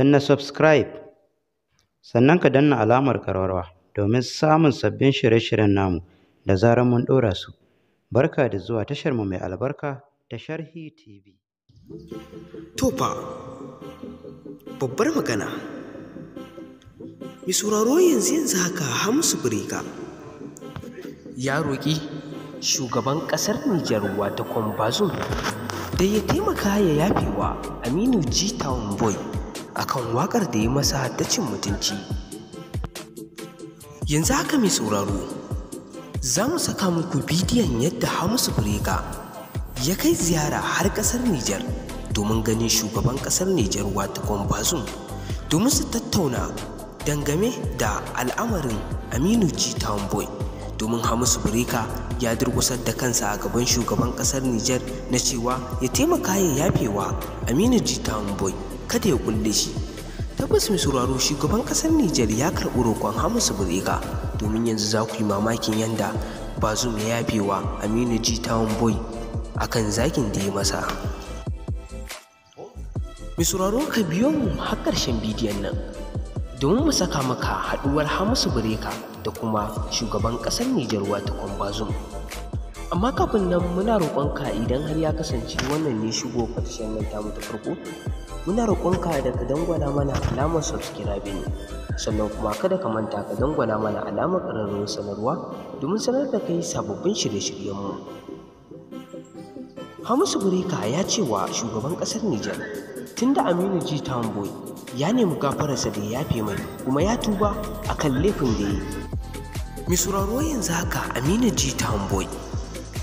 na subscribe sannan ka danna alamar karwarwa domin samun sabbin shirye-shiryen namu da zarar mun ɗora su barka da zuwa tashar mu mai albarka ta sharhi tv tofa babbar magana mai sauraro yanzu yanzu haka hamsu birika ya roƙi shugaban ƙasar nijar wata kwambazon da ya taimaka ya yafewa aminu g town boy akan waƙar da ya masa ta cin mutunci yanzu haka mai sauraro za mu saka muku bidiyon yadda hamisu Breka ya kai ziyara har ƙasar Nijar domin ganin shugaban ƙasar Nijar watakon bazum domin su tattauna dangame da al'amarin Aminu G. Tamboy domin Hamisu Breka ya durƙusar da kansa a gaban shugaban ƙasar Nijar na cewa ya taimaka ya yafewa Aminu G. Tamboy kada ya kulle shi tabbas mai sauraro shugaban kasar Nijar ya karɓi roƙon hamusu Bureka domin yanzu za ku yi mamakin yanda ba Bazum ya wa Aminu G Town Boy akan zakin da ya masa. Mai sauraro ka biyo mu har ƙarshen bidiyon nan domin mu saka maka haɗuwar hamusu Bureka da kuma shugaban ƙasar Nijar wata Bazum. amma kafin nan muna roƙonka idan har ya kasance wannan ne shigo kwatashen nan ta ta farko muna roƙonka da ka dangwala mana alamar ne sannan kuma kada ka manta ka dangwala mana alamar ƙararrawar sanarwa domin sanar da kai sababbin shirye shiryen mu hamisu gureka ya ce wa shugaban ƙasar nijar tunda aminu ji tamboy ya nemi gafararsa da ya yafe mai kuma ya tuba akan laifin da ya yi misurarwa yanzu haka aminu ji tamboy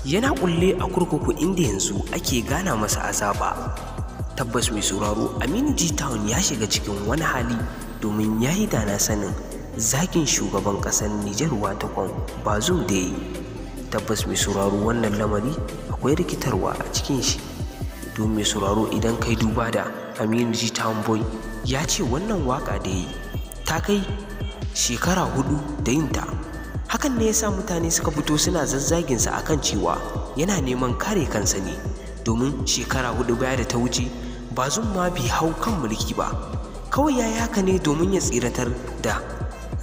yana kulle a kurkuku inda yanzu ake gana masa azaba tabbas mai sauraro aminu g town ya shiga cikin wani hali domin ya yi dana sanin zakin shugaban kasar nijar watakon zo da yi tabbas mai sauraro wannan lamari akwai rikitarwa a cikin shi domin mai sauraro idan kai duba da aminu g town boy ya ce wannan waka da yi ta kai shekara hudu da yinta hakan ne yasa mutane suka fito suna zazzaginsa akan cewa yana neman kare kansa ne domin shekara hudu baya da ta wuce bazum ma bai hau kan mulki ba kawai ya haka ne domin ya tsiratar da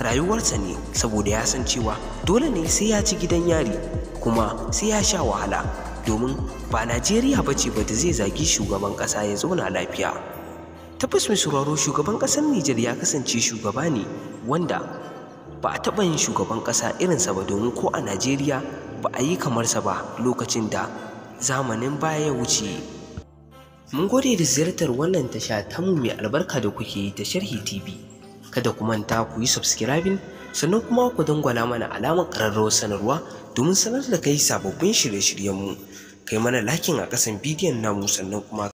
rayuwarsa ne saboda ya san cewa dole ne sai ya ci gidan yari kuma sai ya sha wahala domin ba najeriya ba ce ba da zai zagi shugaban ƙasa ya zauna lafiya tabbas mai sauraro shugaban ƙasar Nijar ya kasance shugaba ne wanda ba a taɓa yin shugaban ƙasa irinsa ba domin ko a najeriya ba a yi kamarsa ba lokacin da zamanin baya ya wuce mun gode da ziyartar wannan tasha ta mu mai albarka da kuke yi ta sharhi tv kada ku manta ku yi subscribing sannan kuma ku dangwala mana alamar ƙararrawar sanarwa domin sanar da kai sababbin shirye-shiryenmu kai mana lakin a ƙasan bidiyon namu sannan kuma